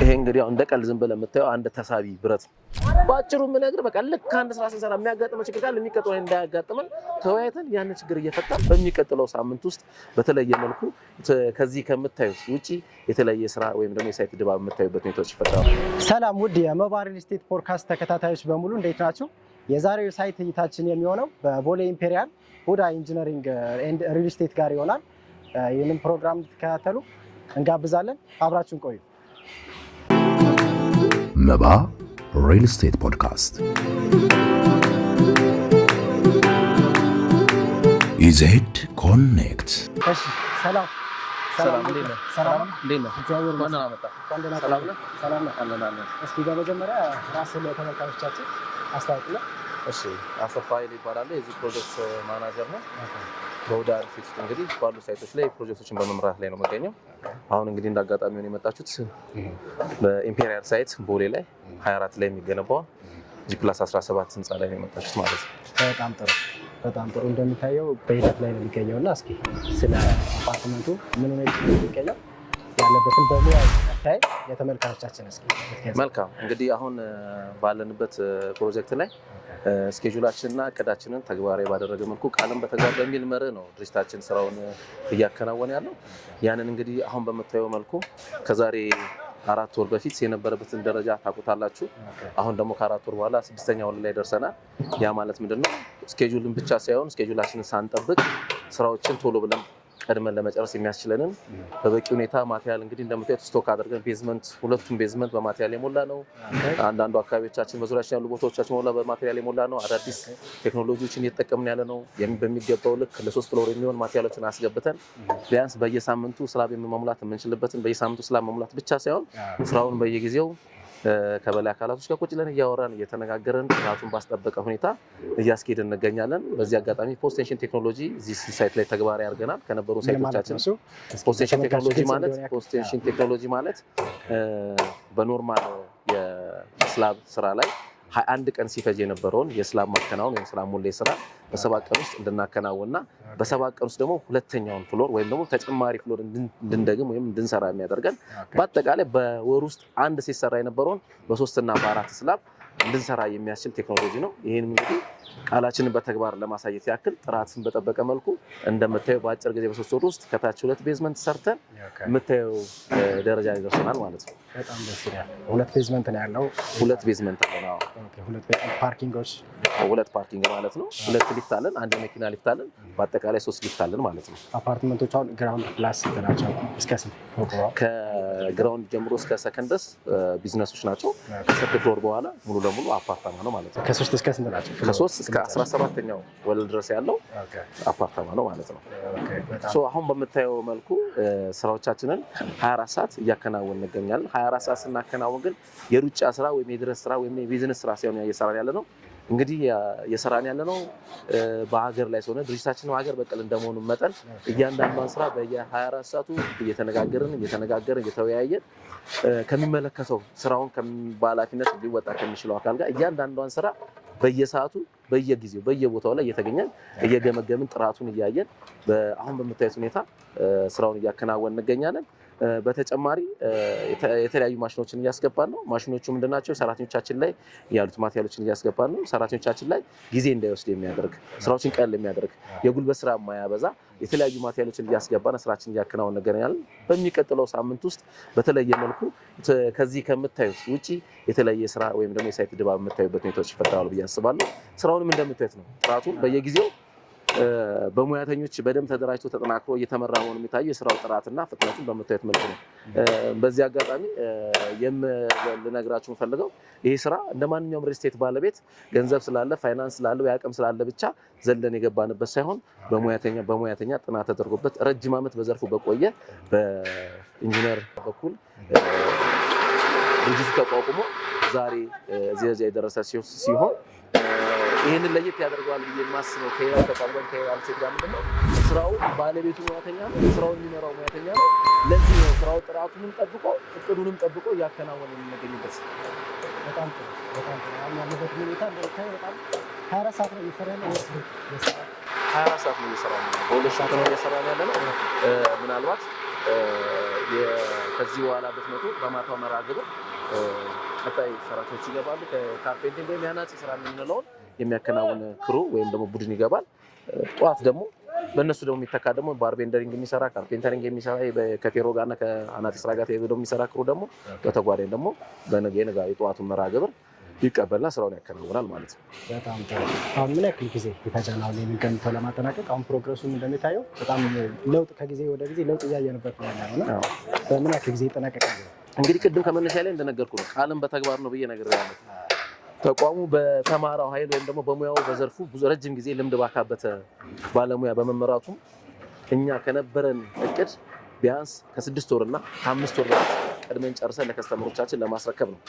ይሄ እንግዲህ አሁን እንደ ቀልድ ዝም ብለህ የምታየው አንድ ተሳቢ ብረት ነው። በአጭሩ የምነግርህ በቃ ልክ አንድ ስራ ስንሰራ የሚያጋጥመ ችግር ካለ የሚቀጥለው እንዳያጋጥመን ተወያይተን ያን ችግር እየፈጣን በሚቀጥለው ሳምንት ውስጥ በተለየ መልኩ ከዚህ ከምታዩት ውጪ የተለየ ስራ ወይም ደግሞ የሳይት ድባብ የምታዩበት ሁኔታዎች ይፈጠራሉ። ሰላም ውድ የመባ ሪል ስቴት ፖድካስት ተከታታዮች በሙሉ እንዴት ናቸው? የዛሬው ሳይት እይታችን የሚሆነው በቦሌ ኢምፔሪያል ሁዳ ኢንጂነሪንግ ኤንድ ሪል ስቴት ጋር ይሆናል። ይህንም ፕሮግራም እንድትከታተሉ እንጋብዛለን። አብራችን ቆዩ። መባ ሪል ስቴት ፖድካስት ኢዜድ ኮኔክት። ሰላም ሰላም፣ እንዴት ነህ? በመጀመሪያ ራስህን ለተመልካቾቻችን አስታውቅልን። እሺ አሰፋ ኃይል ይባላል። የዚህ ፕሮጀክት ማናጀር ነው። በሁዳ ፊት እንግዲህ ባሉ ሳይቶች ላይ ፕሮጀክቶችን በመምራት ላይ ነው የምገኘው። አሁን እንግዲህ እንደ አጋጣሚ የመጣችሁት በኢምፔሪያል ሳይት ቦሌ ላይ 24 ላይ የሚገነባው ፕላስ 17 ህንፃ ላይ ነው የመጣችሁት ማለት ነው። በጣም ጥሩ በጣም ጥሩ። እንደሚታየው በሂደት ላይ ነው የሚገኘው እና እስኪ ስለ አፓርትመንቱ ምን ሁኔታ ነው የሚገኘው ያለበትን በሙያ እንዲታይ የተመልካቾቻችን መልካም። እንግዲህ አሁን ባለንበት ፕሮጀክት ላይ እስኬጁላችንና እቅዳችንን ተግባራዊ ባደረገ መልኩ ቃልን በተግባር በሚል መርህ ነው ድርጅታችን ስራውን እያከናወነ ያለው። ያንን እንግዲህ አሁን በምታየው መልኩ ከዛሬ አራት ወር በፊት የነበረበትን ደረጃ ታውቁታላችሁ። አሁን ደግሞ ከአራት ወር በኋላ ስድስተኛ ወር ላይ ደርሰናል። ያ ማለት ምንድን ነው? እስኬጁልን ብቻ ሳይሆን እስኬጁላችንን ሳንጠብቅ ስራዎችን ቶሎ ብለን ቀድመን ለመጨረስ የሚያስችለንን በበቂ ሁኔታ ማቴሪያል እንግዲህ እንደምታዩት ስቶክ አድርገን ቤዝመንት፣ ሁለቱም ቤዝመንት በማቴሪያል የሞላ ነው። አንዳንዱ አካባቢዎቻችን በዙሪያችን ያሉ ቦታዎቻችን ሞላ በማቴሪያል የሞላ ነው። አዳዲስ ቴክኖሎጂዎችን እየተጠቀምን ያለ ነው። በሚገባው ልክ ለሶስት ፍሎር የሚሆን ማቴሪያሎችን አስገብተን ቢያንስ በየሳምንቱ ስላብ መሙላት የምንችልበትን በየሳምንቱ ስላብ መሙላት ብቻ ሳይሆን ስራውን በየጊዜው ከበላይ አካላቶች ጋር ቁጭ እያወራን እየተነጋገረን ራሱን ባስጠበቀ ሁኔታ እያስኬድ እንገኛለን። በዚህ አጋጣሚ ፖስቴንሽን ቴክኖሎጂ እዚህ ሳይት ላይ ተግባራዊ አድርገናል። ከነበሩ ሳይቶቻችን ፖስቴንሽን ቴክኖሎጂ ማለት ፖስቴንሽን ቴክኖሎጂ ማለት በኖርማል የስላብ ስራ ላይ አንድ ቀን ሲፈጅ የነበረውን የስላም ማከናወን ወይም ስላም ሙሌ ስራ በሰባት ቀን ውስጥ እንድናከናውንና በሰባት ቀን ውስጥ ደግሞ ሁለተኛውን ፍሎር ወይም ደግሞ ተጨማሪ ፍሎር እንድንደግም ወይም እንድንሰራ የሚያደርገን በአጠቃላይ በወር ውስጥ አንድ ሲሰራ የነበረውን በሶስትና በአራት ስላም እንድንሰራ የሚያስችል ቴክኖሎጂ ነው። ይህን እንግዲህ ቃላችንን በተግባር ለማሳየት ያክል ጥራትን በጠበቀ መልኩ እንደምታየው በአጭር ጊዜ በሶስት ወር ውስጥ ከታች ሁለት ቤዝመንት ሰርተን የምታየው ደረጃ ይደርሰናል ማለት ነው። በጣም ደስ ይላል። ሁለት ቤዝመንት ነው ያለው። ሁለት ቤዝመንት ነው። ፓርኪንጎች ሁለት ፓርኪንግ ማለት ነው። ሁለት ሊፍት አለን፣ አንድ መኪና ሊፍት አለን። በአጠቃላይ ሶስት ሊፍት አለን ማለት ነው። አፓርትመንቶች አሁን ግራውንድ ፕላስ ናቸው። እስከ ስንት? ከግራውንድ ጀምሮ እስከ ሰከንድ ቢዝነሶች ናቸው። ከሰከንድ ፍሎር በኋላ ሙሉ ለሙሉ አፓርታማ ነው ማለት ነው። ከሶስት እስከ ስንት ናቸው? ከሶስት እስከ አስራ ሰባተኛው ወለል ድረስ ያለው አፓርታማ ነው ማለት ነው። አሁን በምታየው መልኩ ስራዎቻችንን አራት ሰዓት እያከናወን እንገኛለን። አራት ሰዓት ስናከናወን ግን የሩጫ ስራ ወይም የድረስ ስራ ወይም የቢዝነስ ስራ ሳይሆን እየሰራን ያለ ነው እንግዲህ የሰራን ያለ ነው በሀገር ላይ ስለሆነ ድርጅታችን ሀገር በቀል እንደመሆኑ መጠን እያንዳንዷን ስራ በየ24 ሰዓቱ እየተነጋገርን እየተነጋገርን እየተወያየን ከሚመለከተው ስራውን በኃላፊነት ሊወጣ ከሚችለው አካል ጋር እያንዳንዷን ስራ በየሰዓቱ በየጊዜው በየቦታው ላይ እየተገኘን እየገመገምን ጥራቱን እያየን አሁን በምታዩት ሁኔታ ስራውን እያከናወን እንገኛለን። በተጨማሪ የተለያዩ ማሽኖችን እያስገባን ነው። ማሽኖቹ ምንድናቸው? ሰራተኞቻችን ላይ ያሉት ማቴሪያሎችን እያስገባን ነው። ሰራተኞቻችን ላይ ጊዜ እንዳይወስድ የሚያደርግ ስራዎችን ቀል የሚያደርግ የጉልበት ስራ የማያበዛ የተለያዩ ማቴሪያሎችን እያስገባን ስራችን እያከናወን ነገር ያለ በሚቀጥለው ሳምንት ውስጥ በተለየ መልኩ ከዚህ ከምታዩት ውጭ የተለየ ስራ ወይም ደግሞ የሳይት ድባብ የምታዩበት ሁኔታዎች ይፈጠራሉ ብዬ አስባለሁ። ስራውንም እንደምታዩት ነው። ጥራቱን በየጊዜው በሙያተኞች በደንብ ተደራጅቶ ተጠናክሮ እየተመራ መሆኑ የሚታየው የስራው ጥራትና ፍጥነቱን በምታዩት መልኩ ነው። በዚህ አጋጣሚ ልነግራችሁ የምፈልገው ይህ ስራ እንደ ማንኛውም ሪስቴት ባለቤት ገንዘብ ስላለ ፋይናንስ ወይ የአቅም ስላለ ብቻ ዘለን የገባንበት ሳይሆን በሙያተኛ በሙያተኛ ጥናት ተደርጎበት ረጅም ዓመት በዘርፉ በቆየ በኢንጂነር በኩል ድርጅቱ ተቋቁሞ ዛሬ እዚህ የደረሰ ሲሆን ይህንን ለየት ያደርገዋል ብዬ የማስበው ከሌላው ተቋም ወይም ከሌላው ሴት ጋር ምንድን ነው ስራው ባለቤቱ ሙያተኛ ነው፣ ስራውን የሚመራው ሙያተኛ ነው። ለዚህ ነው ስራው ጥራቱንም ጠብቆ እቅዱንም ጠብቆ እያከናወነ የምናገኝበት። በጣም ጥሩ በጣም ጥሩ ያለበት ሁኔታ እንደምታይ በጣም ሀያ አራት ሰዓት ነው እየሰራ ያለ ሀያ አራት ሰዓት ነው እየሰራ ነው። በሁለት ሰዓት ነው እየሰራ ያለ ነው። ምናልባት ከዚህ በኋላ ብትመጡ በማታው መርሃ ግብር ቀጣይ ሰራተኞች ይገባሉ። ከካርፔንቲንግ ወይም የአናጺ ስራ የምንለውን የሚያከናውን ክሩ ወይም ደግሞ ቡድን ይገባል። ጠዋት ደግሞ በእነሱ ደግሞ የሚተካ ደግሞ ባርቤንደሪንግ የሚሰራ ካርፔንተሪንግ የሚሰራ ከፌሮ ጋርና ከአናጢ ስራ ጋር ተያይዞ ደግሞ የሚሰራ ክሩ ደግሞ በተጓዳኝ ደግሞ የጠዋቱን መርሃ ግብር ይቀበልና ስራውን ያከናውናል ማለት ነው። በጣም አሁን ምን ያክል ጊዜ ይፈጃል? የሚገምተው ለማጠናቀቅ አሁን ፕሮግረሱ እንደሚታየው በጣም ለውጥ ከጊዜ ወደ ጊዜ ለውጥ እያየንበት ነው ያለውና በምን ያክል ጊዜ ይጠናቀቃል? እንግዲህ ቅድም ከመነሻ ላይ እንደነገርኩ ነው፣ ቃልም በተግባር ነው ብዬ ነገር ያለት ተቋሙ በተማራው ኃይል ወይም ደግሞ በሙያው በዘርፉ ብዙ ረጅም ጊዜ ልምድ ባካበተ ባለሙያ በመመራቱም እኛ ከነበረን እቅድ ቢያንስ ከስድስት ወርና ከአምስት ወር በፊት ቀድመን ጨርሰን ለከስተመሮቻችን ለማስረከብ ነው።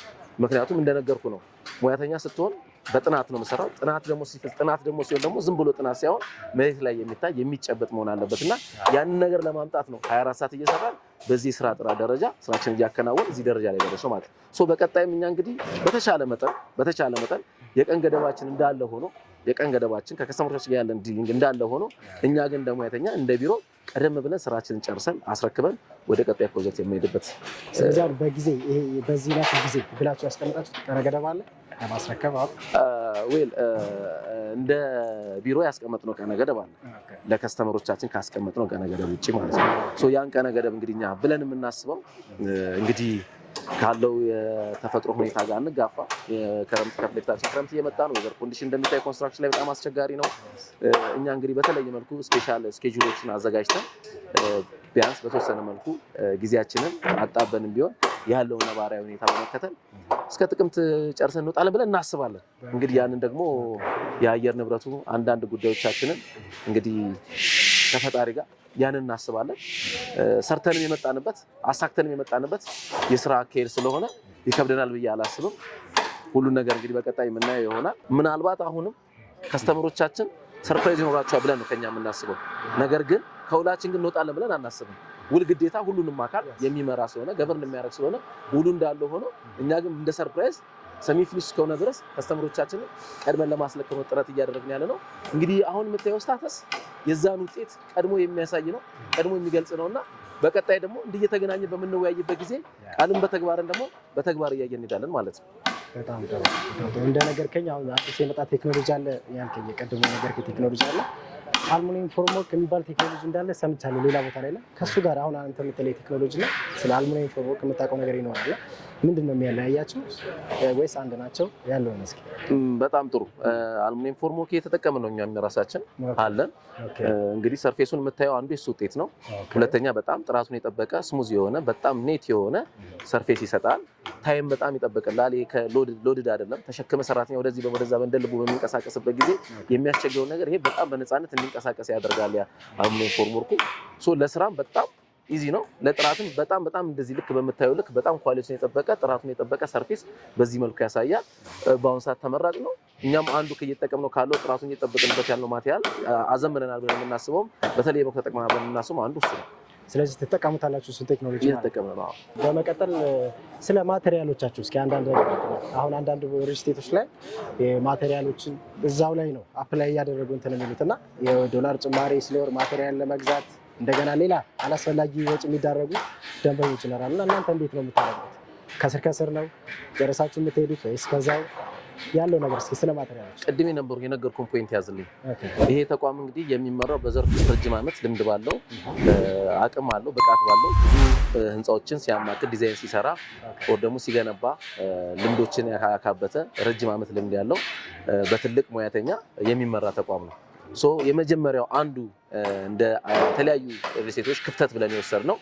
ምክንያቱም እንደነገርኩ ነው፣ ሙያተኛ ስትሆን በጥናት ነው የምሰራው። ጥናት ደግሞ ሲፈጽ ጥናት ደግሞ ሲሆን ደግሞ ዝም ብሎ ጥናት ሳይሆን መሬት ላይ የሚታይ የሚጨበጥ መሆን አለበት እና ያንን ነገር ለማምጣት ነው 24 ሰዓት እየሰራን በዚህ ስራ ጥራት ደረጃ ስራችን እያከናወን እዚህ ደረጃ ላይ ደረሰው ማለት ነው። በቀጣይም እኛ እንግዲህ በተቻለ መጠን በተቻለ መጠን የቀን ገደባችን እንዳለ ሆኖ የቀን ገደባችን ከከስተመሮች ጋር ያለን ዲሊንግ እንዳለ ሆኖ እኛ ግን ደግሞ ሙያተኛ እንደ ቢሮ ቀደም ብለን ስራችንን ጨርሰን አስረክበን ወደ ቀጣይ ፕሮጀክት የምንሄድበት ስለዚህ በጊዜ በዚህ ላይ ጊዜ ብላችሁ ያስቀምጣችሁ ቀነ ገደብ አለ ለማስረከብ ዌል እንደ ቢሮ ያስቀመጥነው ቀነ ገደብ አለ። ለከስተመሮቻችን ካስቀመጥነው ቀነ ገደብ ውጭ ማለት ነው። ያን ቀነ ገደብ እንግዲህ እኛ ብለን የምናስበው እንግዲህ ካለው የተፈጥሮ ሁኔታ ጋር እንጋፋ። የክረምት ከፍሌታችን ክረምት እየመጣ ነው። ወዘር ኮንዲሽን እንደሚታይ ኮንስትራክሽን ላይ በጣም አስቸጋሪ ነው። እኛ እንግዲህ በተለየ መልኩ ስፔሻል ስኬጁሎችን አዘጋጅተን ቢያንስ በተወሰነ መልኩ ጊዜያችንን አጣበንም ቢሆን ያለው ነባራዊ ሁኔታ በመከተል እስከ ጥቅምት ጨርሰን እንወጣለን ብለን እናስባለን። እንግዲህ ያንን ደግሞ የአየር ንብረቱ አንዳንድ ጉዳዮቻችንን እንግዲህ ከፈጣሪ ጋር ያንን እናስባለን። ሰርተንም የመጣንበት አሳክተንም የመጣንበት የስራ አካሄድ ስለሆነ ይከብደናል ብዬ አላስብም። ሁሉን ነገር እንግዲህ በቀጣይ የምናየው ይሆናል። ምናልባት አሁንም ከስተምሮቻችን ሰርፕራይዝ ይኖራቸዋል ብለን ነው ከኛ የምናስበው። ነገር ግን ከሁላችን ግን እንወጣለን ብለን አናስብም። ውል ግዴታ ሁሉንም አካል የሚመራ ስለሆነ ገበርን የሚያደርግ ስለሆነ ውሉ እንዳለ ሆኖ እኛ ግን እንደ ሰርፕራይዝ ሰሚ ፊኒሽ እስከሆነ ድረስ ከስተምሮቻችንን ቀድመን ለማስለከመት ጥረት እያደረግን ያለ ነው። እንግዲህ አሁን የምታየው ስታተስ የዛን ውጤት ቀድሞ የሚያሳይ ነው፣ ቀድሞ የሚገልጽ ነው እና በቀጣይ ደግሞ እንዲህ እየተገናኘ በምንወያይበት ጊዜ ቃልን በተግባርን ደግሞ በተግባር እያየን እንሄዳለን ማለት ነው። በጣም ጥሩ እንደ ነገርከኝ አሁን አዲስ የመጣ ቴክኖሎጂ አለ። ያንተ የቀድሞ ነገር ቴክኖሎጂ አለ። አልሙኒየም ፎርምወርክ የሚባል ቴክኖሎጂ እንዳለ ሰምቻለሁ ሌላ ቦታ ላይ እና ከእሱ ጋር አሁን አንተ የምትለኝ ቴክኖሎጂ እና ስለ አልሙኒየም ፎርምወርክ የምታውቀው ነገር ይኖራል ምንድን ነው የሚያለያያቸው ወይስ አንድ ናቸው ያለውን እስኪ። በጣም ጥሩ አሉሚኒየም ፎርምወርክ እየተጠቀምን ነው። እኛም ራሳችን አለን። እንግዲህ ሰርፌሱን የምታየው አንዱ የሱ ውጤት ነው። ሁለተኛ በጣም ጥራቱን የጠበቀ ስሙዝ የሆነ በጣም ኔት የሆነ ሰርፌስ ይሰጣል። ታይም በጣም ይጠብቅላል። ይሄ ከሎድድ አይደለም። ተሸክመ ሰራተኛ ወደዚህ ወደዛ በእንደልቡ በሚንቀሳቀስበት ጊዜ የሚያስቸግረው ነገር ይሄ በጣም በነፃነት እንዲንቀሳቀስ ያደርጋል። ያ አሉሚኒየም ፎርምወርኩ ለስራም በጣም ኢዚ ነው። ለጥራትም በጣም በጣም እንደዚህ ልክ በምታዩ ልክ በጣም ኳሊቲውን የጠበቀ ጥራቱን የጠበቀ ሰርፊስ በዚህ መልኩ ያሳያል። በአሁኑ ሰዓት ተመራጭ ነው። እኛም አንዱ ከየተጠቀምነው ካለው ጥራቱን እየጠበቅንበት ያለው ማቴሪያል አዘምነናል ብለን የምናስበውም በተለይ በኩ ተጠቅመናል ብለን የምናስበው አንዱ እሱ ነው። ስለዚህ ትጠቀሙታላችሁ። ስለ ቴክኖሎጂ እየተጠቀምን ነው። በመቀጠል ስለ ማቴሪያሎቻችሁ እስኪ አንዳንድ አሁን አንዳንድ ሪስቴቶች ላይ ማቴሪያሎችን እዛው ላይ ነው አፕላይ እያደረጉ እንትን የሚሉት እና የዶላር ጭማሪ ስለወር ማቴሪያል ለመግዛት እንደገና ሌላ አላስፈላጊ ወጪ የሚዳረጉ ደንበኞች ይኖራሉ እና እናንተ እንዴት ነው የምታደርጉት? ከስር ከስር ነው ጨረሳችሁ የምትሄዱት ወይስ ከዛው ያለው ነገር እስኪ ስለ ማቴሪያሎች ቅድም የነበሩ የነገርኩን ፖይንት ያዝልኝ። ይሄ ተቋም እንግዲህ የሚመራው በዘርፍ ረጅም ዓመት ልምድ ባለው አቅም አለው ብቃት ባለው ብዙ ህንፃዎችን ሲያማክል ዲዛይን ሲሰራ ወር ደግሞ ሲገነባ ልምዶችን ያካበተ ረጅም ዓመት ልምድ ያለው በትልቅ ሙያተኛ የሚመራ ተቋም ነው። ሶ የመጀመሪያው አንዱ እንደ ተለያዩ ሪልስቴቶች ክፍተት ብለን የወሰድነው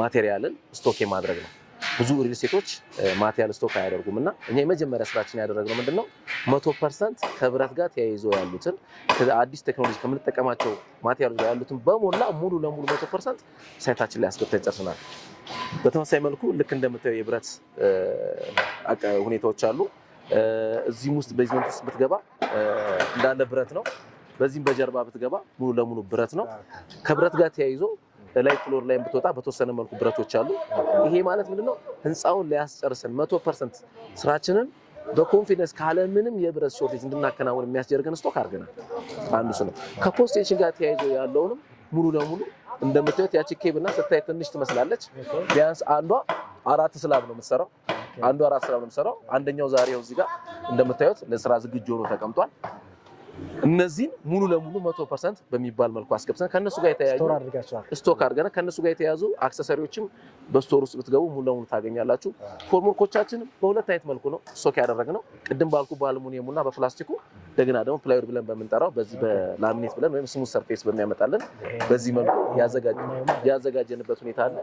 ማቴሪያልን ስቶክ የማድረግ ነው። ብዙ ሪልስቴቶች ማቴሪያል ስቶክ አያደርጉም እና እኛ የመጀመሪያ ስራችን ያደረግነው ምንድነው መቶ ፐርሰንት ከብረት ጋር ተያይዞ ያሉትን አዲስ ቴክኖሎጂ ከምንጠቀማቸው ማቴሪያሎች ጋር ያሉትን በሞላ ሙሉ ለሙሉ መቶ ፐርሰንት ሳይታችን ላይ አስገብተን ጨርሰናል። በተመሳሳይ መልኩ ልክ እንደምታየው የብረት ሁኔታዎች አሉ። እዚህም ውስጥ ቤዝመንት ውስጥ ብትገባ እንዳለ ብረት ነው። በዚህም በጀርባ ብትገባ ሙሉ ለሙሉ ብረት ነው። ከብረት ጋር ተያይዞ ላይ ፍሎር ላይ ብትወጣ በተወሰነ መልኩ ብረቶች አሉ። ይሄ ማለት ምንድነው ህንፃውን ሊያስጨርሰን መቶ ፐርሰንት ስራችንን በኮንፊደንስ ካለምንም የብረት ሾርቴጅ እንድናከናወን የሚያስደርገን ስቶክ አድርገናል። አንዱ እሱ ነው። ከፖስቴሽን ጋር ተያይዞ ያለውንም ሙሉ ለሙሉ እንደምታዩት ያቺ ኬብና ስታይ ትንሽ ትመስላለች። ቢያንስ አንዷ አራት ስላብ ነው የምትሰራው። አንዱ አራት ስላብ ነው የምትሰራው። አንደኛው ዛሬው እዚህ ጋር እንደምታዩት ለስራ ዝግጁ ሆኖ ተቀምጧል። እነዚህን ሙሉ ለሙሉ መቶ ፐርሰንት በሚባል መልኩ አስገብተን ከነሱ ጋር የተያያዙ ስቶክ አድርገን ከነሱ ጋር የተያዙ አክሰሰሪዎችም በስቶር ውስጥ ብትገቡ ሙሉ ለሙሉ ታገኛላችሁ። ኮቻችን በሁለት አይነት መልኩ ነው ስቶክ ያደረግነው። ቅድም ባልኩ በአልሙኒየሙ እና በፕላስቲኩ እንደገና ደግሞ ፕላይውድ ብለን በምንጠራው በዚህ በላሚኔት ብለን ወይም ስሙዝ ሰርፌስ በሚያመጣለን በዚህ መልኩ ያዘጋጀንበት ሁኔታ አለ።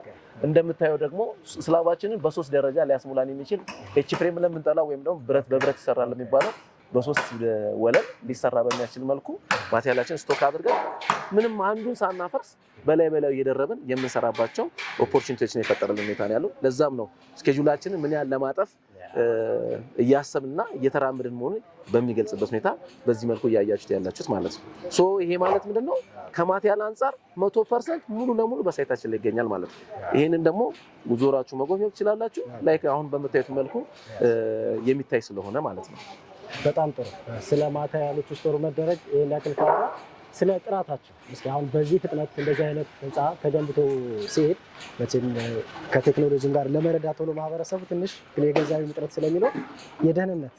እንደምታየው ደግሞ ስላባችንን በሶስት ደረጃ ሊያስሙላን የሚችል ኤች ፍሬም ብለን የምንጠራው ወይም ደግሞ ብረት በብረት ይሰራል የሚባለው በሶስት ወለል ሊሰራ በሚያስችል መልኩ ማቴሪያላችን ስቶክ አድርገን ምንም አንዱን ሳናፈርስ በላይ በላይ እየደረብን የምንሰራባቸው ኦፖርቹኒቲዎችን የፈጠረልን ሁኔታ ነው ያለው። ለዛም ነው ስኬጁላችንን ምን ያህል ለማጠፍ እያሰብንና እየተራመድን መሆኑ በሚገልጽበት ሁኔታ በዚህ መልኩ እያያችሁት ያላችሁት ማለት ነው። ሶ ይሄ ማለት ምንድን ነው? ከማቴሪያል አንጻር መቶ ፐርሰንት ሙሉ ለሙሉ በሳይታችን ላይ ይገኛል ማለት ነው። ይህንን ደግሞ ዞራችሁ መጎብኘት ትችላላችሁ። ላይክ አሁን በምታዩት መልኩ የሚታይ ስለሆነ ማለት ነው። በጣም ጥሩ። ስለ ማታ ያሉት ጥሩ መደረግ ይህን ያክል ካወራ ስለ ጥራታቸው እስኪ አሁን በዚህ ፍጥነት እንደዚህ አይነት ህንፃ ተገንብቶ ሲሄድ መቼም ከቴክኖሎጂም ጋር ለመረዳት ሆኖ ማህበረሰቡ ትንሽ የገንዘብ ውጥረት ስለሚለው የደህንነት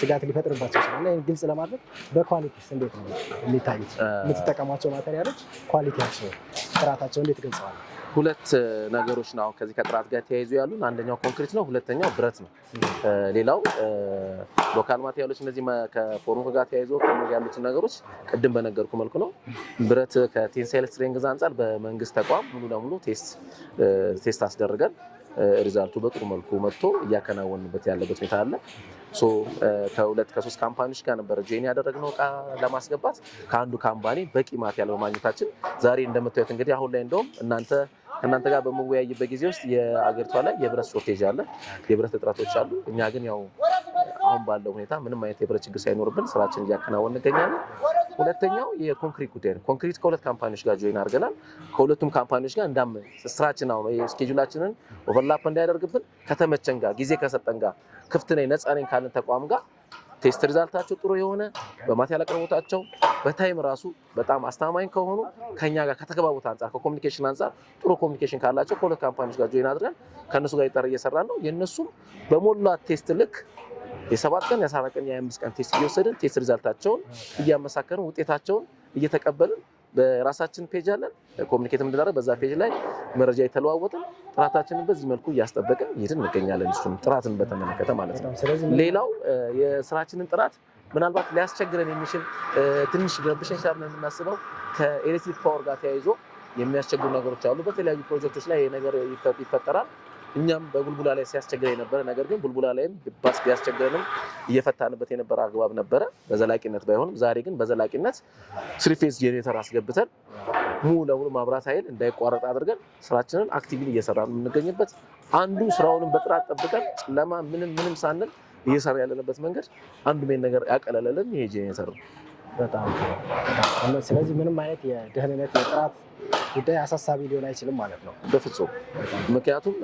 ስጋት ሊፈጥርባቸው ይችላል። ይህን ግልጽ ለማድረግ በኳሊቲስ እንዴት ነው የሚታዩት? የምትጠቀሟቸው ማቴሪያሎች ኳሊቲያቸው፣ ጥራታቸው እንዴት ገልጸዋል? ሁለት ነገሮች ነው ከዚህ ከጥራት ጋር ተያይዞ ያሉን። አንደኛው ኮንክሪት ነው፣ ሁለተኛው ብረት ነው። ሌላው ሎካል ማቴሪያሎች፣ እነዚህ ከፎርሙክ ጋር ተያይዞ ያሉትን ነገሮች ቅድም በነገርኩ መልኩ ነው። ብረት ከቴንሳይል ስትሬንግዝ አንጻር በመንግስት ተቋም ሙሉ ለሙሉ ቴስት አስደርገን ሪዛልቱ በጥሩ መልኩ መጥቶ እያከናወንበት ያለበት ሁኔታ አለ። ከሁለት ከሶስት ካምፓኒዎች ጋር ነበረ ጆይን ያደረግነው እቃ ለማስገባት ከአንዱ ካምፓኒ በቂ ማቴሪያል በማግኘታችን ዛሬ እንደምታዩት እንግዲህ አሁን ላይ እንደውም እናንተ ከእናንተ ጋር በመወያይበት ጊዜ ውስጥ የአገሪቷ ላይ የብረት ሾርቴጅ አለ፣ የብረት እጥረቶች አሉ። እኛ ግን ያው አሁን ባለው ሁኔታ ምንም አይነት የብረት ችግር ሳይኖርብን ስራችን እያከናወን እንገኛለን። ሁለተኛው የኮንክሪት ጉዳይ ነው። ኮንክሪት ከሁለት ካምፓኒዎች ጋር ጆይን አድርገናል። ከሁለቱም ካምፓኒዎች ጋር እንዳም ስራችን አሁን ስኬጁላችንን ኦቨርላፕ እንዳያደርግብን ከተመቸን ጋር ጊዜ ከሰጠን ጋር ክፍት ነኝ ነፃ ነኝ ካለን ተቋም ጋር ቴስት ሪዛልታቸው ጥሩ የሆነ በማቴሪያል አቅርቦታቸው በታይም ራሱ በጣም አስተማማኝ ከሆኑ ከኛ ጋር ከተግባቦት አንጻር ከኮሚኒኬሽን አንጻር ጥሩ ኮሚኒኬሽን ካላቸው ከሁለት ካምፓኒዎች ጋር ጆይን አድርገን ከእነሱ ጋር ይጠር እየሰራ ነው። የእነሱም በሞላ ቴስት ልክ የሰባት ቀን የአስራ ቀን የአምስት ቀን ቴስት እየወሰድን ቴስት ሪዛልታቸውን እያመሳከርን ውጤታቸውን እየተቀበልን በራሳችን ፔጅ አለን ኮሚኒኬት ምንድናደረግ በዛ ፔጅ ላይ መረጃ የተለዋወጥን ጥራታችንን በዚህ መልኩ እያስጠበቀ ይሄድን እንገኛለን። እሱም ጥራትን በተመለከተ ማለት ነው። ሌላው የስራችንን ጥራት ምናልባት ሊያስቸግረን የሚችል ትንሽ ረብሸን ነው የምናስበው ከኤሌክትሪክ ፓወር ጋር ተያይዞ የሚያስቸግሩ ነገሮች አሉ። በተለያዩ ፕሮጀክቶች ላይ ይሄ ነገር ይፈጠራል። እኛም በቡልቡላ ላይ ሲያስቸግረ የነበረ ነገር ግን ቡልቡላ ላይም ባስ ቢያስቸግረንም እየፈታንበት የነበረ አግባብ ነበረ፣ በዘላቂነት ባይሆንም። ዛሬ ግን በዘላቂነት ስሪፌዝ ጄኔሬተር አስገብተን ሙሉ ለሙሉ ማብራት ኃይል እንዳይቋረጥ አድርገን ስራችንን አክቲቪሊ እየሰራ ነው የምንገኝበት። አንዱ ስራውንም በጥራት ጠብቀን ጨለማ ምንም ምንም ሳንል እየሰራ ያለንበት መንገድ አንዱ ሜን ነገር ያቀለለልን ይሄ ጄኔሬተር ነው። በጣም ስለዚህ ምንም አይነት የደህንነት የጥራት ጉዳይ አሳሳቢ ሊሆን አይችልም ማለት ነው። በፍጹም ምክንያቱም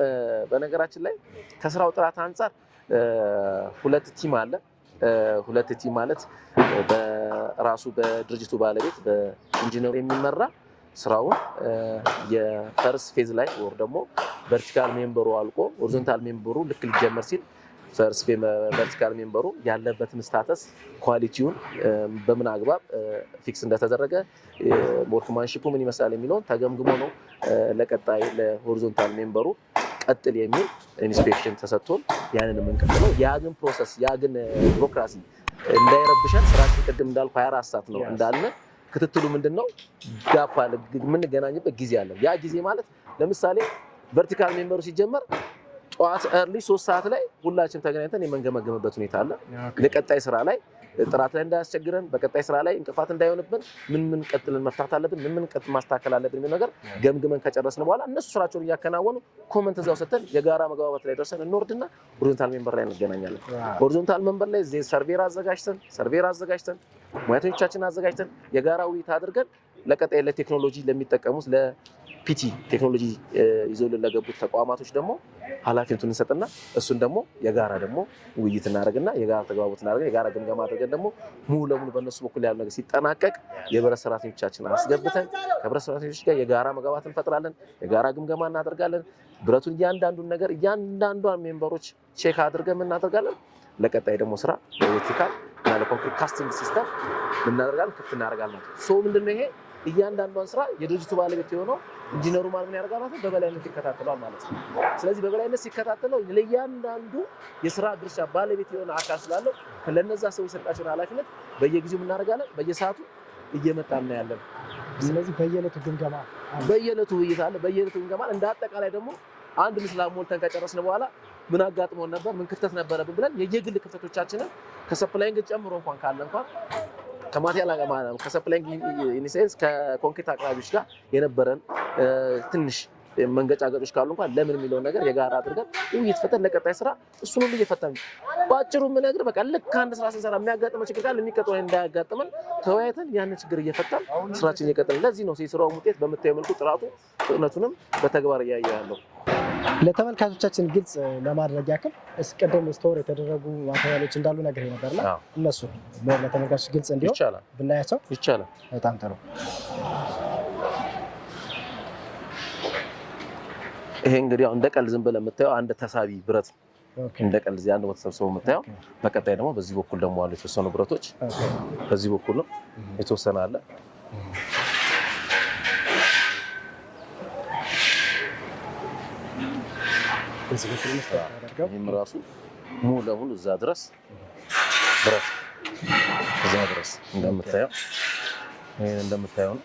በነገራችን ላይ ከስራው ጥራት አንጻር ሁለት ቲም አለ። ሁለት ቲም ማለት በራሱ በድርጅቱ ባለቤት በኢንጂነሩ የሚመራ ስራውን የፈርስ ፌዝ ላይ ወር ደግሞ ቨርቲካል ሜምበሩ አልቆ ሆሪዞንታል ሜምበሩ ልክ ሊጀመር ሲል ቨርቲካል ሜምበሩ ያለበትን ስታተስ ኳሊቲውን በምን አግባብ ፊክስ እንደተደረገ ወርክማንሽፑ ምን ይመስላል የሚለውን ተገምግሞ ነው ለቀጣይ ለሆሪዞንታል ሜምበሩ ቀጥል የሚል ኢንስፔክሽን ተሰጥቶን ያንን የምንቀጥለው። ያ ግን ፕሮሰስ ያ ግን ቢሮክራሲ እንዳይረብሸን ስራችን ቅድም እንዳልኩ 24 ሰዓት ነው እንዳለ ክትትሉ ምንድን ነው ጋፕ የምንገናኝበት ጊዜ አለ። ያ ጊዜ ማለት ለምሳሌ ቨርቲካል ሜምበሩ ሲጀመር ጠዋት እርሊ ሶስት ሰዓት ላይ ሁላችን ተገናኝተን የምንገመገምበት ሁኔታ አለ። ለቀጣይ ስራ ላይ ጥራት ላይ እንዳያስቸግረን፣ በቀጣይ ስራ ላይ እንቅፋት እንዳይሆንብን፣ ምን ምን ቀጥልን መፍታት አለብን፣ ምን ምን ቀጥ ማስተካከል አለብን የሚል ነገር ገምግመን ከጨረስን በኋላ እነሱ ስራቸውን እያከናወኑ ኮመንት እዛው ሰተን የጋራ መግባባት ላይ ደርሰን እንወርድና ሆሪዞንታል ሜምበር ላይ እንገናኛለን። ሆሪዞንታል ሜምበር ላይ ሰርቬር አዘጋጅተን ሰርቬር አዘጋጅተን ሙያተኞቻችን አዘጋጅተን የጋራ ውይይት አድርገን ለቀጣይ ለቴክኖሎጂ ለሚጠቀሙት ፒቲ ቴክኖሎጂ ይዞልን ለገቡት ተቋማቶች ደግሞ ኃላፊነቱን እንሰጥና እሱን ደግሞ የጋራ ደግሞ ውይይት እናደርግና የጋራ ተግባቦት እናደርግ የጋራ ግምገማ አድርገን ደግሞ ሙሉ ለሙሉ በእነሱ በኩል ያሉ ነገር ሲጠናቀቅ የህብረት ሰራተኞቻችን አስገብተን ከህብረት ሰራተኞች ጋር የጋራ መግባባት እንፈጥራለን። የጋራ ግምገማ እናደርጋለን። ብረቱን እያንዳንዱን ነገር እያንዳንዷን ሜምበሮች ቼክ አድርገን እናደርጋለን። ለቀጣይ ደግሞ ስራ ለኤሌክትሪካል እና ለኮንክሪት ካስቲንግ ሲስተም እናደርጋለን። ክፍት እናደርጋለን። ሶ ምንድነው ይሄ እያንዳንዷን ስራ የድርጅቱ ባለቤት የሆነው ኢንጂነሩ ማለት ምን ያደርጋል ማለት በበላይነት ይከታተሏል ማለት ነው። ስለዚህ በበላይነት ሲከታተለው ለእያንዳንዱ የስራ ድርሻ ባለቤት የሆነ አካል ስላለው ለነዛ ሰው የሰጣቸውን ኃላፊነት በየጊዜው እናደርጋለን፣ በየሰዓቱ እየመጣ ነው ያለን። ስለዚህ በየዕለቱ ግምገማ፣ በየዕለቱ ውይይት አለ፣ በየዕለቱ ግምገማ። እንደ አጠቃላይ ደግሞ አንድ ምስል ሞልተን ከጨረስን በኋላ ምን አጋጥሞን ነበር፣ ምን ክፍተት ነበረብን ብለን የየግል ክፍተቶቻችንን ከሰፕላይንግ ጨምሮ እንኳን ካለ እንኳን ከማቴሪያል ከሰፕላይንግ ኢንሴንስ ከኮንክሪት አቅራቢዎች ጋር የነበረን ትንሽ መንገጫገጮች ካሉ እንኳን ለምን የሚለውን ነገር የጋራ አድርገን ውይይት ፈተን ለቀጣይ ስራ እሱን ሁሉ እየፈተን በአጭሩ የምነግርህ በቃ ልክ አንድ ስራ ስንሰራ የሚያጋጥመን ችግር ካለ የሚቀጥለው እንዳያጋጥመን ተወያይተን ያንን ችግር እየፈታን ስራችን እየቀጠልን ለዚህ ነው የስራውን ውጤት በምታየው መልኩ ጥራቱ ፍጥነቱንም በተግባር እያየ ያለው። ለተመልካቾቻችን ግልጽ ለማድረግ ያክል እስቀደም ስቶር የተደረጉ ማቴሪያሎች እንዳሉ ነገር ነበርና እነሱ ለተመልካቾች ግልጽ እንዲሆን ብናያቸው ይቻላል። በጣም ጥሩ። ይሄ እንግዲህ አሁን ቀልድ ዝም ብለህ የምታየው አንድ ተሳቢ ብረት እንደ ቀልድ እዚህ አንድ ቦታ ተሰብስቦ የምታየው። በቀጣይ ደግሞ በዚህ በኩል ደግሞ አሉ የተወሰኑ ብረቶች። በዚህ በኩል ነው የተወሰነ አለ ይህም ራሱ ሙሉ ለሙሉ እዛ ድረስ ብረት እዛ ድረስ እንደምታየው ይህን እንደምታየው ነው።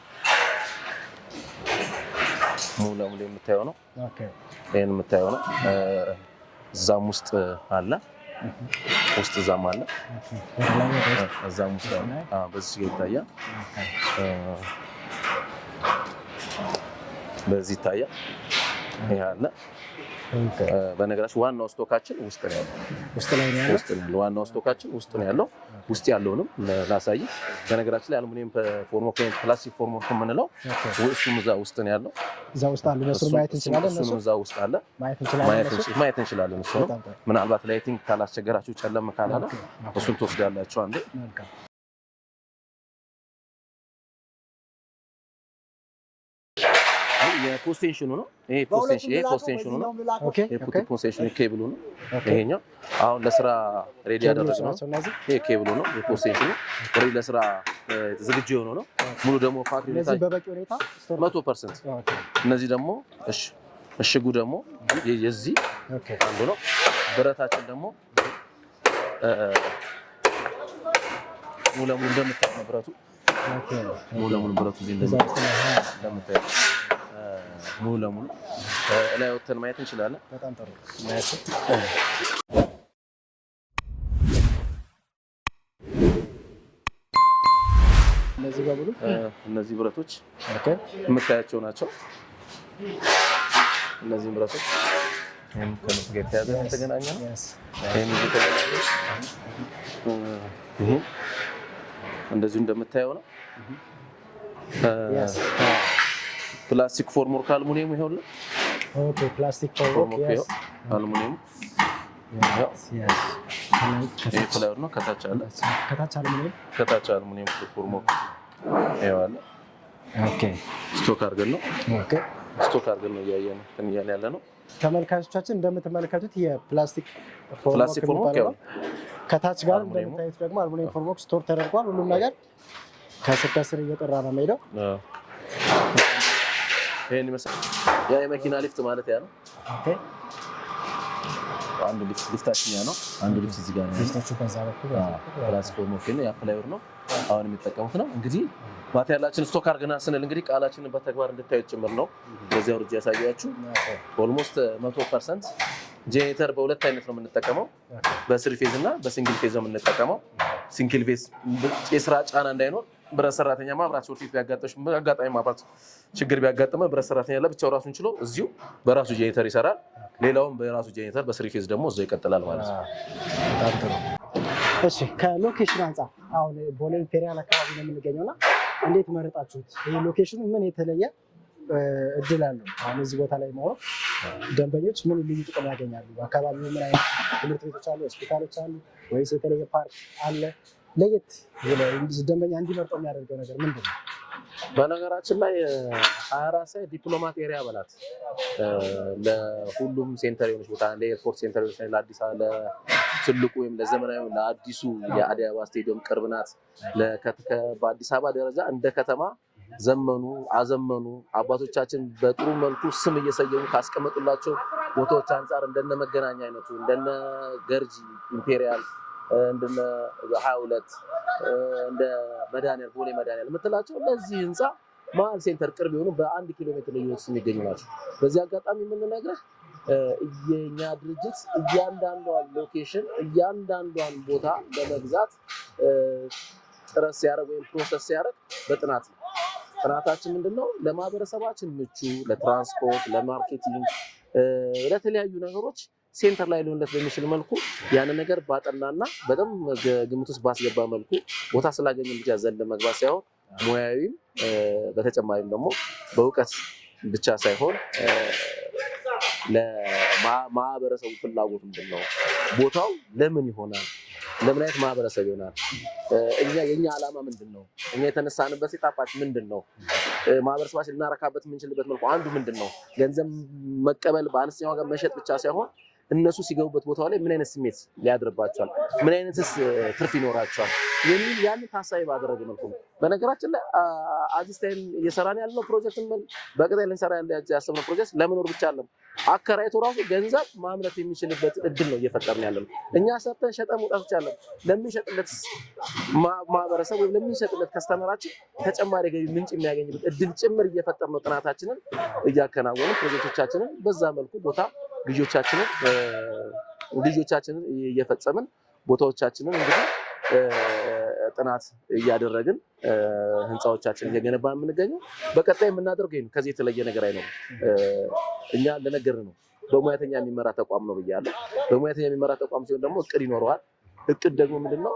ሙሉ ለሙሉ የምታየው ነው። ይህን የምታየው ነው። እዛም ውስጥ አለ ውስጥ እዛም አለ እዛም ውስጥ አለ። በዚህ ይታያል፣ በዚህ ይታያል። ይሄ አለ በነገራችን ዋናው ስቶካችን ውስጥ ነው ያለው። ውስጥ ላይ ነው ያለው። ዋናው ስቶካችን ውስጥ ነው ያለው። ውስጥ ያለውንም ላሳይ። በነገራችን ላይ አልሙኒየም ፎርሞ ወይም ፕላስቲክ ፎርምወርክ የምንለው እሱም እዛ ውስጥ ነው ያለው። እዛ ውስጥ አለ። እሱ ማየት እንችላለን። እሱ እዛ ውስጥ አለ። ማየት እንችላለን። እንችላለን። እሱ ነው ምናልባት ላይቲንግ ካላስቸገራችሁ ጨለም ካላለ እሱን ትወስዳላችሁ አንዴ ፖስቴንሽኑ ነው ይሄ ፖስቴንሽኑ ነው። ኦኬ ፖስቴንሽኑ ኬብሉ ነው ይሄኛው። አሁን ለስራ ሬዲ ያደረግነው ይሄ ኬብሉ ነው። የፖስቴንሽኑ ሬዲ ለስራ ዝግጁ የሆነ ነው። ሙሉ ደግሞ ፋክሪ ሁኔታ በበቂ ሁኔታ እነዚህ ደግሞ እሽጉ ደግሞ የዚህ አንዱ ነው። ብረታችን ደግሞ ሙሉ ለሙሉ እንደምታየው ብረቱ ሙሉ ለሙሉ ብረቱ እንደምታየው ሙሉ ለሙሉ ላይ ወተን ማየት እንችላለን። በጣም ጥሩ እነዚህ በሙሉ እነዚህ ብረቶች የምታያቸው ናቸው። እነዚህ ብረቶች የተገናኘ ነው። ይህ እንደዚሁ እንደምታየው ነው። ፕላስቲክ ፎርም ወርክ አልሙኒየም ይኸውልህ። ኦኬ ፕላስቲክ ፎርም ወርክ ያስ ያስ ከላይ ነው። ከታች አለ ከታች አልሙኒየም ከታች አልሙኒየም ፎርም ወርክ ይኸውልህ። ኦኬ ስቶክ አድርገን ነው ኦኬ ስቶክ አድርገን ነው እያየን እንትን እያለ ያለ ነው። ተመልካቾቻችን እንደምትመለከቱት የፕላስቲክ ፕላስቲክ ፎርም ወርክ ከታች ጋር እንደምታዩት ደግሞ አልሙኒየም ፎርም ስቶር ተደርጓል። ሁሉም ነገር ከስር ከስር እየጠራ ነው የሚሄደው። ይሄን ይመስላል። ያ የመኪና ሊፍት ማለት ያ ነው። አንድ ሊፍት ሊፍታችን ያ ነው። አንድ ሊፍት እዚህ ጋር ነው። ከዛ በኩል ትራንስፎርመር ያ ነው አሁን የሚጠቀሙት ነው። እንግዲህ ማቴሪያላችን ስቶክ አድርገናል ስንል እንግዲህ ቃላችንን በተግባር እንድታዩት ጭምር ነው። በዚያ ውርጅ ያሳያችሁ ኦልሞስት በሁለት አይነት ነው የምንጠቀመው፣ በስሪ ፌዝ እና በሲንግል ፌዝ ነው የምንጠቀመው። ሲንግል ፌዝ የስራ ጫና እንዳይኖር ብረት ሰራተኛ ማብራት ሾርቴት ቢያጋጠሽ አጋጣሚ ማብራት ችግር ቢያጋጥመ ብረት ሰራተኛ ለብቻው ራሱን ችሎ እዚሁ በራሱ ጄኔተር ይሰራል። ሌላውም በራሱ ጄኔተር በስሪ ፌዝ ደግሞ እዛው ይቀጥላል ማለት ነው። እሺ ከሎኬሽን አንጻር አሁን ቦሌ ኢምፔሪያል አካባቢ ነው የምንገኘው እና እንዴት መረጣችሁት? ይህ ሎኬሽኑ ምን የተለየ እድል አለው? አሁን እዚህ ቦታ ላይ መሆን ደንበኞች ምን ልዩ ጥቅም ያገኛሉ? አካባቢው ምን አይነት ትምህርት ቤቶች አሉ? ሆስፒታሎች አሉ ወይስ የተለየ ፓርክ አለ? ለየት ደንበኛ እንዲመርጠው የሚያደርገው ነገር ምንድን ነው? በነገራችን ላይ ሀያ አራት ዲፕሎማት ኤሪያ በላት ለሁሉም ሴንተር የሆነች ቦታ ለኤርፖርት ሴንተር የሆነች ለአዲስ ለትልቁ ወይም ለዘመናዊ ለአዲሱ የአዲስ አበባ ስቴዲየም ቅርብ ናት። በአዲስ አበባ ደረጃ እንደ ከተማ ዘመኑ አዘመኑ አባቶቻችን በጥሩ መልኩ ስም እየሰየሙ ካስቀመጡላቸው ቦታዎች አንጻር እንደነ መገናኛ አይነቱ እንደነ ገርጂ ኢምፔሪያል እንደነ ሀያ ሁለት እንደ መድኃኒዓለም ቦሌ መድኃኒዓለም የምትላቸው ለዚህ ህንፃ መሀል ሴንተር ቅርብ የሆኑ በአንድ ኪሎ ሜትር ልዩነት ውስጥ የሚገኙ ናቸው። በዚህ አጋጣሚ የምንነግርህ የኛ ድርጅት እያንዳንዷን ሎኬሽን እያንዳንዷን ቦታ ለመግዛት ጥረት ሲያደርግ ወይም ፕሮሰስ ሲያደርግ በጥናት ነው። ጥናታችን ምንድነው? ለማህበረሰባችን ምቹ ለትራንስፖርት፣ ለማርኬቲንግ፣ ለተለያዩ ነገሮች ሴንተር ላይ ሊሆንለት በሚችል መልኩ ያን ነገር ባጠናና በጣም ግምት ውስጥ ባስገባ መልኩ ቦታ ስላገኘ ብቻ ዘንድ መግባት ሳይሆን ሙያዊም በተጨማሪም ደግሞ በእውቀት ብቻ ሳይሆን ለማህበረሰቡ ፍላጎት ምንድን ነው? ቦታው ለምን ይሆናል? ለምን አይነት ማህበረሰብ ይሆናል? እኛ የእኛ ዓላማ ምንድን ነው? እኛ የተነሳንበት ሴታፓች ምንድን ነው? ማህበረሰባችን ልናረካበት የምንችልበት መልኩ አንዱ ምንድን ነው? ገንዘብ መቀበል በአነስተኛ ዋጋ መሸጥ ብቻ ሳይሆን እነሱ ሲገቡበት ቦታው ላይ ምን አይነት ስሜት ሊያድርባቸዋል፣ ምን አይነትስ ትርፍ ይኖራቸዋል የሚል ያንን ታሳቢ ባደረገ መልኩ ነው። በነገራችን ላይ አዚስታይን ታይም እየሰራን ያለው ፕሮጀክት በቅጣይ ልንሰራ ያለ ያሰብነው ፕሮጀክት ለመኖር ብቻ አለም አከራይቶ ራሱ ገንዘብ ማምረት የሚችልበት እድል ነው እየፈጠርን ነው። እኛ ሰርተን ሸጠ መውጣት ብቻ አለም ለሚሸጥለት ማህበረሰብ ወይም ለሚሸጥለት ከስተመራችን ተጨማሪ ገቢ ምንጭ የሚያገኝበት እድል ጭምር እየፈጠር ነው። ጥናታችንን እያከናወኑ ፕሮጀክቶቻችንን በዛ መልኩ ቦታ ልጆቻችንን ልጆቻችንን እየፈጸምን ቦታዎቻችንን እንግዲህ ጥናት እያደረግን ህንፃዎቻችን እየገነባ የምንገኘው በቀጣይ የምናደርገው ይህን ከዚህ የተለየ ነገር አይነው። እኛ ለነገር ነው በሙያተኛ የሚመራ ተቋም ነው ብያለሁ። በሙያተኛ የሚመራ ተቋም ሲሆን ደግሞ እቅድ ይኖረዋል። እቅድ ደግሞ ምንድን ነው?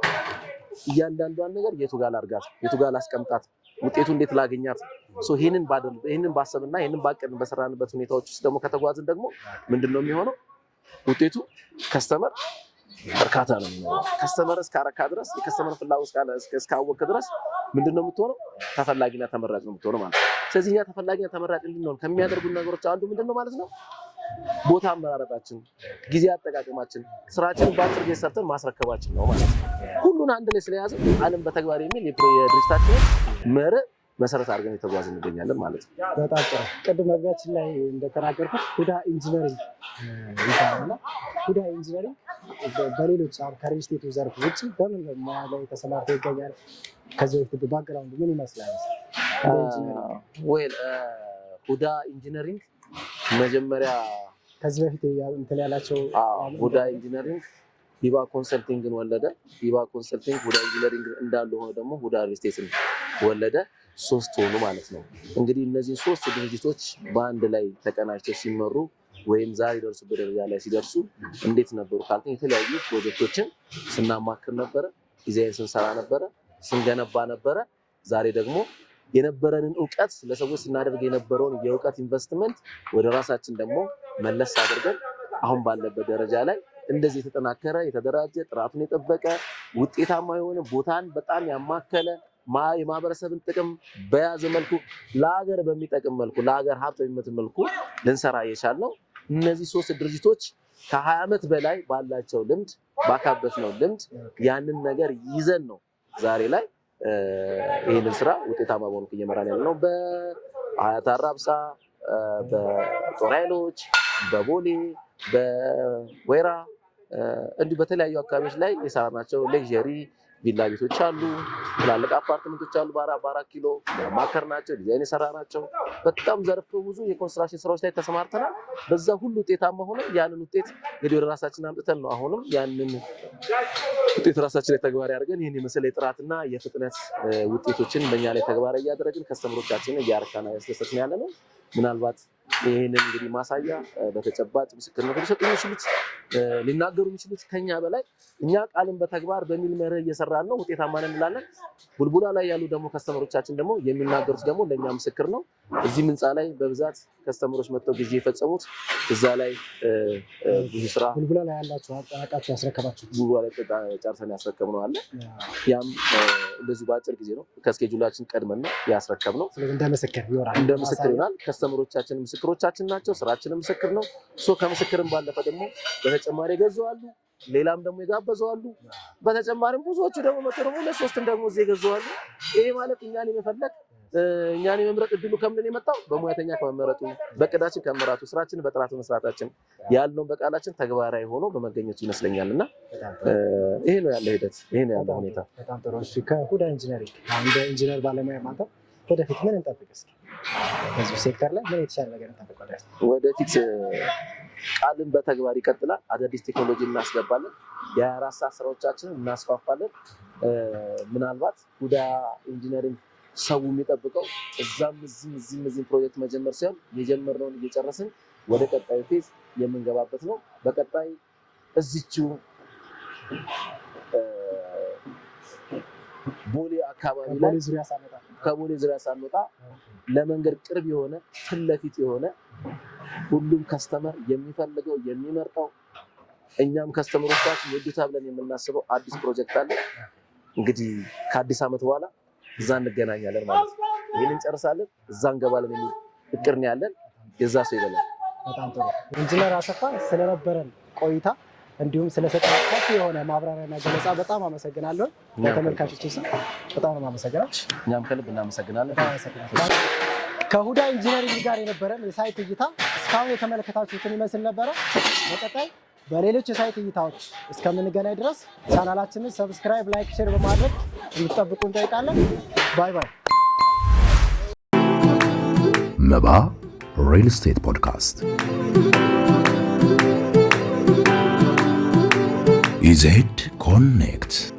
እያንዳንዷን ነገር የቱጋል አድርጋት የቱጋል አስቀምጣት ውጤቱ እንዴት ላገኛት ይህንን ይህንን ባሰብና ይህንን ባቀድን በሰራንበት ሁኔታዎች ውስጥ ደግሞ ከተጓዝን ደግሞ ምንድን ነው የሚሆነው ውጤቱ ከስተመር እርካታ ነው ከስተመር እስካረካ ድረስ የከስተመር ፍላጎት እስካወቅ ድረስ ምንድን ነው የምትሆነው ተፈላጊና ተመራጭ ነው የምትሆነው ማለት ነው። ስለዚህ እኛ ተፈላጊና ተመራጭ እንድንሆን ከሚያደርጉን ነገሮች አንዱ ምንድን ነው ማለት ነው ቦታ አመራረጣችን፣ ጊዜ አጠቃቀማችን፣ ስራችንን በአጭር ጊዜ ሰርተን ማስረከባችን ነው ማለት ነው። ሁሉን አንድ ላይ ስለያዘ ዓለም በተግባር የሚል የድርጅታችን ምህረት መሰረት አድርገን የተጓዝ እንገኛለን ማለት ነው። በጣም ጥሩ። ቅድም መግቢያችን ላይ እንደተናገርኩት ሁዳ ኢንጂነሪንግ ይባላልና ሁዳ ኢንጂነሪንግ በሌሎች ከሪል ስቴቱ ዘርፍ ውጭ በምን ሙያ ላይ ተሰማርተው ይገኛል? ከዚህ በፊት ባክግራውንድ ምን ይመስላል? ወይ ሁዳ ኢንጂነሪንግ መጀመሪያ ከዚህ በፊት እንትን ያላቸው ሁዳ ኢንጂነሪንግ ሂባ ኮንሰልቲንግን ወለደ። ሂባ ኮንሰልቲንግ ሁዳ ኢንጂነሪንግ እንዳለ ሆነ ደግሞ ሁዳ ሪል ስቴትን ወለደ ሶስት ሆኑ ማለት ነው። እንግዲህ እነዚህ ሶስት ድርጅቶች በአንድ ላይ ተቀናጅተው ሲመሩ ወይም ዛሬ ደርሱበት ደረጃ ላይ ሲደርሱ እንዴት ነበሩ ካልከኝ የተለያዩ ፕሮጀክቶችን ስናማክር ነበረ፣ ዲዛይን ስንሰራ ነበረ፣ ስንገነባ ነበረ። ዛሬ ደግሞ የነበረንን እውቀት ለሰዎች ስናደርግ የነበረውን የእውቀት ኢንቨስትመንት ወደ ራሳችን ደግሞ መለስ አድርገን አሁን ባለበት ደረጃ ላይ እንደዚህ የተጠናከረ የተደራጀ ጥራቱን የጠበቀ ውጤታማ የሆነ ቦታን በጣም ያማከለ የማህበረሰብን ጥቅም በያዘ መልኩ ለሀገር በሚጠቅም መልኩ ለሀገር ሀብት በሚመት መልኩ ልንሰራ ነው። እነዚህ ሶስት ድርጅቶች ከሀያ ዓመት በላይ ባላቸው ልምድ ባካበት ነው ልምድ ያንን ነገር ይዘን ነው ዛሬ ላይ ይህንን ስራ ውጤታማ በሆኑ እየመራን ያለ ነው። በአያት አራብሳ፣ በጦር ኃይሎች፣ በቦሌ፣ በወይራ እንዲሁ በተለያዩ አካባቢዎች ላይ የሰራናቸው ሌክዠሪ ቪላ ቤቶች አሉ፣ ትላልቅ አፓርትመንቶች አሉ። በአራት ኪሎ ማከር ናቸው፣ ዲዛይን የሰራ ናቸው። በጣም ዘርፍ ብዙ የኮንስትራክሽን ስራዎች ላይ ተሰማርተናል። በዛ ሁሉ ውጤታማ ሆነ ያንን ውጤት እንግዲህ ወደ ራሳችን አምጥተን ነው አሁንም ያንን ውጤት ራሳችን ላይ ተግባራዊ አድርገን ይህን የመሰለ የጥራትና የፍጥነት ውጤቶችን በእኛ ላይ ተግባራዊ እያደረግን ከስተምሮቻችንን እያረካና ያስደሰትን ያለ ነው ምናልባት ይህንን እንግዲህ ማሳያ በተጨባጭ ምስክርነት ሊሰጡ የሚችሉት ሊናገሩ የሚችሉት ከኛ በላይ እኛ ቃልን በተግባር በሚል መርህ እየሰራን ነው፣ ውጤታማ ነን እንላለን። ቡልቡላ ላይ ያሉ ደግሞ ከስተመሮቻችን ደግሞ የሚናገሩት ደግሞ ለእኛ ምስክር ነው። እዚህ ምንፃ ላይ በብዛት ከስተመሮች መጥተው ግዢ የፈጸሙት እዛ ላይ ብዙ ስራ ቡልቡላ ላይ ያላቸው አቃቸው ያስረከባቸው ቡልቡላ ላይ ጨርሰን ያስረከብነው አለ። ያም እንደዚሁ በአጭር ጊዜ ነው ከስኬጁላችን ቀድመን ነው ያስረከብነው። እንደ ምስክር ይሆናል። ከስተመሮቻችን ምስክር ምስክሮቻችን ናቸው። ስራችን ምስክር ነው። ሶ ከምስክርም ባለፈ ደግሞ በተጨማሪ የገዙ ሌላም ደግሞ የጋበዘዋሉ በተጨማሪም ብዙዎቹ ደግሞ መቶ ደግሞ ደግሞ እዚህ የገዙ ይሄ ማለት እኛን የመፈለግ እኛን የመምረጥ እድሉ ከምን የመጣው በሙያተኛ ከመመረጡ በቅዳችን ከመመራቱ ስራችን በጥራት መስራታችን ያለውን በቃላችን ተግባራዊ ሆኖ በመገኘቱ ይመስለኛል። እና ይሄ ነው ያለው ሂደት፣ ይሄ ነው ያለው ሁኔታ። በጣም ጥሩ። ከሁዳ ኢንጂነሪንግ እንደ ኢንጂነር ባለሙያ ማለት ወደፊት ምን እንጠብቅ እስኪ? ሴክተር ላይ ምን የተሻለ ነገር እንጠብቃለን? ወደፊት ቃልን በተግባር ይቀጥላል። አዳዲስ ቴክኖሎጂ እናስገባለን። የአራት ሰዓት ስራዎቻችንን እናስፋፋለን። ምናልባት ጉዳ ኢንጂነሪንግ ሰው የሚጠብቀው እዛም እዚህም እዚህም እዚህም ፕሮጀክት መጀመር ሲሆን የጀመርነውን እየጨረስን ወደ ቀጣዩ ፌዝ የምንገባበት ነው። በቀጣይ እዚችው ቦሌ አካባቢ ላይ ከቦሌ ዙሪያ ሳንወጣ ለመንገድ ቅርብ የሆነ ፊት ለፊት የሆነ ሁሉም ከስተመር የሚፈልገው የሚመርጠው እኛም ከስተመሮቻችን የዱታ ብለን የምናስበው አዲስ ፕሮጀክት አለ። እንግዲህ ከአዲስ ዓመት በኋላ እዛ እንገናኛለን ማለት ነው። ይህን እንጨርሳለን፣ እዛ እንገባለን የሚል እቅር ነው ያለን። የዛ ሰው ይበላል። በጣም ጥሩ ኢንጂነር አሰፋ ስለነበረን ቆይታ እንዲሁም ስለሰጠ ሰፊ የሆነ ማብራሪያና ገለጻ በጣም አመሰግናለሁ። ለተመልካቾች ስም በጣም አመሰግናለሁ። እኛም ከልብ እናመሰግናለን። ከሁዳ ኢንጂነሪንግ ጋር የነበረን የሳይት እይታ እስካሁን የተመለከታችሁትን ይመስል ነበረ። በቀጣይ በሌሎች የሳይት እይታዎች እስከምንገናኝ ድረስ ቻናላችንን ሰብስክራይብ፣ ላይክ፣ ሼር በማድረግ እንድትጠብቁ እንጠይቃለን። ባይ ባይ። መባ ሪል ስቴት ፖድካስት DZ Connect.